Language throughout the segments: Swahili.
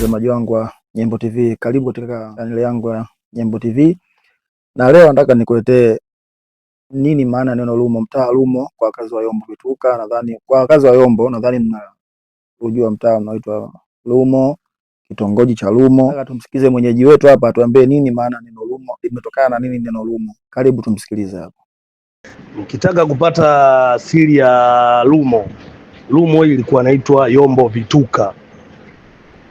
mtazamaji wangu wa Nyembo TV, karibu katika channel yangu ya Nyembo TV, na leo nataka nikuletee nini maana neno Lumo, mtaa Lumo kwa wakazi wa Yombo Vituka. Nadhani kwa wakazi wa Yombo, nadhani mnajua mtaa unaoitwa Lumo, kitongoji cha Lumo. Nataka tumsikilize mwenyeji wetu hapa atuambie nini maana neno Lumo, limetokana na nini neno Lumo. Karibu tumsikilize hapo. Ukitaka kupata siri ya Lumo, Lumo ilikuwa inaitwa Yombo Vituka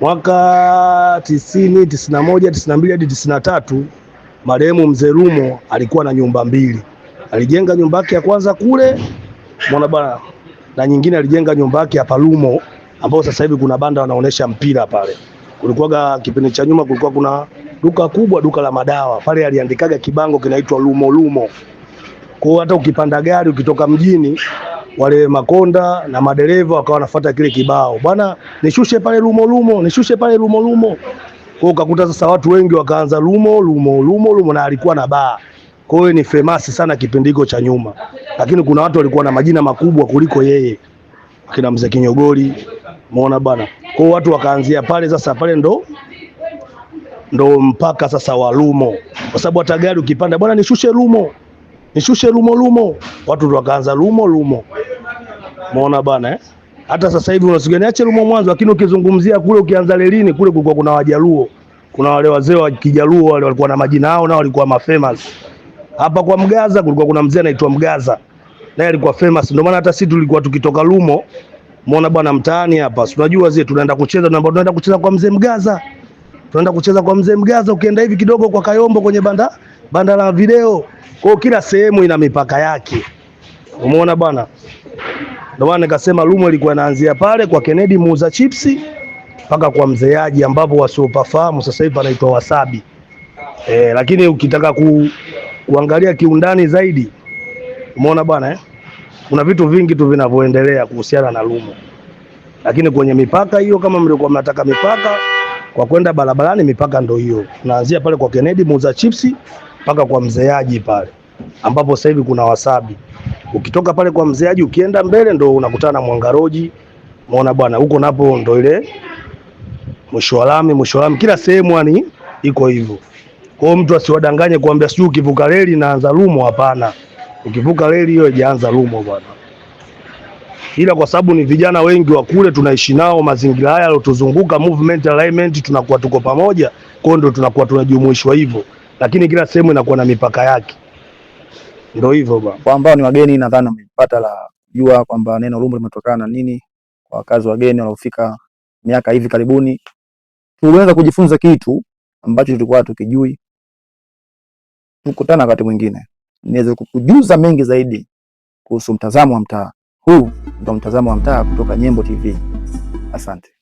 mwaka tisini, 91 na moja, mbili hadi tisini tatu marehemu mzee Rumo alikuwa na nyumba mbili. Alijenga nyumba yake ya kwanza kule mwana bana na nyingine alijenga nyumba yake hapa Rumo, ambao sasa hivi kuna banda wanaonesha mpira pale. Kulikuwa kipindi cha nyuma, kulikuwa kuna duka kubwa, duka la madawa pale, aliandikaga kibango kinaitwa Rumo Rumo. Kwa hiyo hata ukipanda gari ukitoka mjini wale makonda na madereva wakawa wanafuata kile kibao, bwana nishushe pale lumo lumo, nishushe pale lumo lumo. Kwa hiyo ukakuta sasa watu wengi wakaanza lumo lumo lumo lumo, na alikuwa na baa, kwa hiyo ni famous sana kipindi hicho cha nyuma, lakini kuna watu walikuwa na majina makubwa kuliko yeye, akina mzee Kinyogoli, umeona bwana. Kwa hiyo watu wakaanzia pale, sasa pale ndo ndo mpaka sasa wa lumo, kwa sababu hata gari ukipanda, bwana nishushe lumo nishushe lumo lumo, watu ndo wakaanza lumo lumo. Umeona bana eh? Hata sasa hivi unasugua niache rumo mwanzo, lakini ukizungumzia kule ukianza lelini kule kulikuwa kuna Wajaluo. Kuna wale wazee wa Kijaluo wale walikuwa na majina yao na walikuwa mafamous. Hapa kwa Mgaza kulikuwa kuna mzee anaitwa Mgaza. Naye alikuwa famous. Ndio maana hata sisi tulikuwa tukitoka Lumo, umeona bwana mtaani hapa. Unajua wazee tunaenda kucheza, na tunaenda kucheza kwa mzee Mgaza. Tunaenda kucheza kwa mzee Mgaza, ukienda hivi kidogo kwa Kayombo kwenye banda banda la video. Kwa kila sehemu ina mipaka yake. Umeona bwana? Ndio maana nikasema rumo ilikuwa inaanzia pale kwa Kennedy muuza chipsi mpaka kwa mzeaji, ambapo wasiopafahamu sasa hivi panaitwa Wasabi. E, lakini ukitaka ku, kuangalia kiundani zaidi umeona bwana eh? Kuna vitu vingi tu vinavyoendelea kuhusiana na rumo, lakini kwenye mipaka hiyo, kama mlikuwa mnataka mipaka kwa kwenda barabarani, mipaka ndio hiyo, tunaanzia pale kwa Kennedy muuza chipsi mpaka kwa mzeaji pale ambapo sasa hivi kuna Wasabi. Ukitoka pale kwa mzee Haji ukienda mbele ndo unakutana na Mwangaroji. muona bwana, huko napo ndo ile mwisho wa lami, mwisho wa lami, kila sehemu yani iko hivyo. Kwa hiyo mtu asiwadanganye kuambia sijui ukivuka reli naanza Rumo, hapana. Ukivuka reli hiyo haijaanza Rumo bwana. Ila kwa sababu ni vijana wengi wa kule tunaishi nao, mazingira haya yalotuzunguka, movement alignment, tunakuwa tuko pamoja, kwa hiyo ndo tunakuwa tunajumuishwa hivyo, lakini kila sehemu inakuwa na mipaka yake ndio hivyo bwana. Kwa ambao ni wageni, nadhani wamepata la jua kwamba neno rumbo limetokana na nini. Kwa wakazi wageni wanaofika miaka hivi karibuni, tuliweza kujifunza kitu ambacho tulikuwa tukijui. Tukutana wakati mwingine, niweze kukujuza mengi zaidi kuhusu mtazamo wa mtaa huu. Ndio mtazamo wa mtaa kutoka Nyembo TV. Asante.